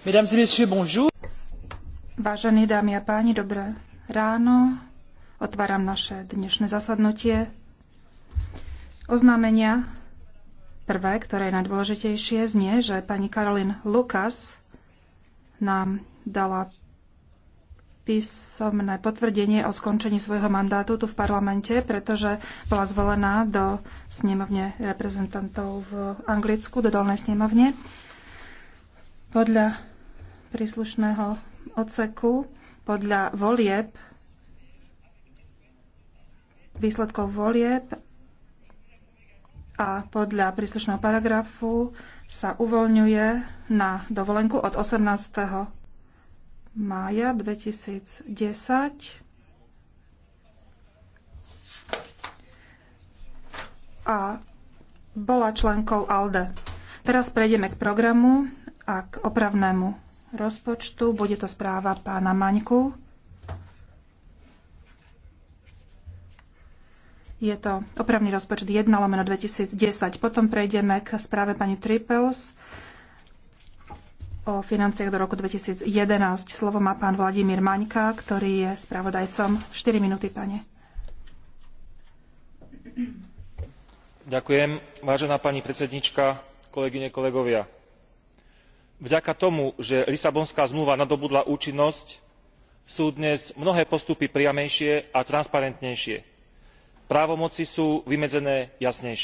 Mesdames et messieurs, bonjour. Vážené dámy a páni, dobré ráno. Otváram naše dnešné zasadnutie. Oznámenia prvé, ktoré je najdôležitejšie, znie, že pani Karolín Lukas nám dala písomné potvrdenie o skončení svojho mandátu tu v parlamente, pretože bola zvolená do snemovne reprezentantov v Anglicku, do dolnej snemovne. Podľa príslušného odseku podľa volieb, výsledkov volieb a podľa príslušného paragrafu sa uvoľňuje na dovolenku od 18. mája 2010 a bola členkou ALDE. Teraz prejdeme k programu a k opravnému rozpočtu. Bude to správa pána Maňku. Je to opravný rozpočet 1 lomeno 2010. Potom prejdeme k správe pani Triples o financiách do roku 2011. Slovo má pán Vladimír Maňka, ktorý je spravodajcom. 4 minúty, pane. Ďakujem, vážená pani predsednička, kolegyne, kolegovia vďaka tomu že lisabonská zmluva nadobudla účinnosť sú dnes mnohé postupy priamejšie a transparentnejšie právomoci sú vymedzené jasnejšie.